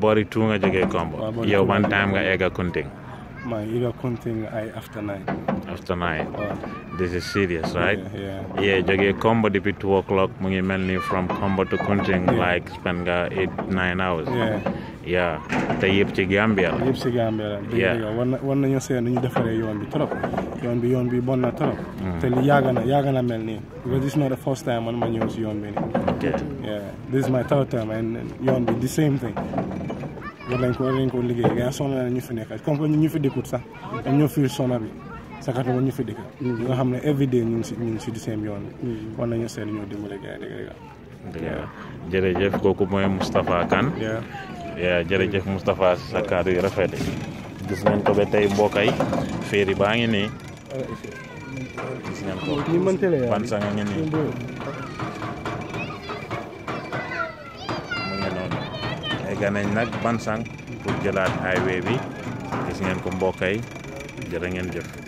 bori tunga jege kombo yow man time nga ega kunting my thing I, after nine. After nine. Oh. This is serious, right? Yeah. Yeah, jage combo dipi two o'clock mungi melni from combo to Kunting yeah. like spend eight nine hours. Yeah. Yeah. Te yep ci Gambia. Yep ci Gambia. Yeah. Wan nañu seen ñu défaré yoon bi trop. you bi yoon bi bon na trop. Mm. Te li yaaga na yaaga na melni. Because this is not the first time man ma ñëw ci yoon bi. Okay. Yeah. This is my third time and yoon bi the same thing. war nañ ko war nañ ko liggéey gars soxla ñu fi nekk comme que ñu fi dëkkut sax dañ ñoo fiir sona bi sakatu ñu fi dëkk mm. nga xam everyday ñu ngi ñu ngi di seen yoon mm. war nañu seen ñoo dimbale gars yi dëgg dëgg jërëjëf kooku mooy Moustapha Kane yaa jërëjëf Moustapha sa rafet gis ko egga nañ nag Bansang pour jëlaat highway bi gis ngeen ko mbokk yi jërë ngeen jëf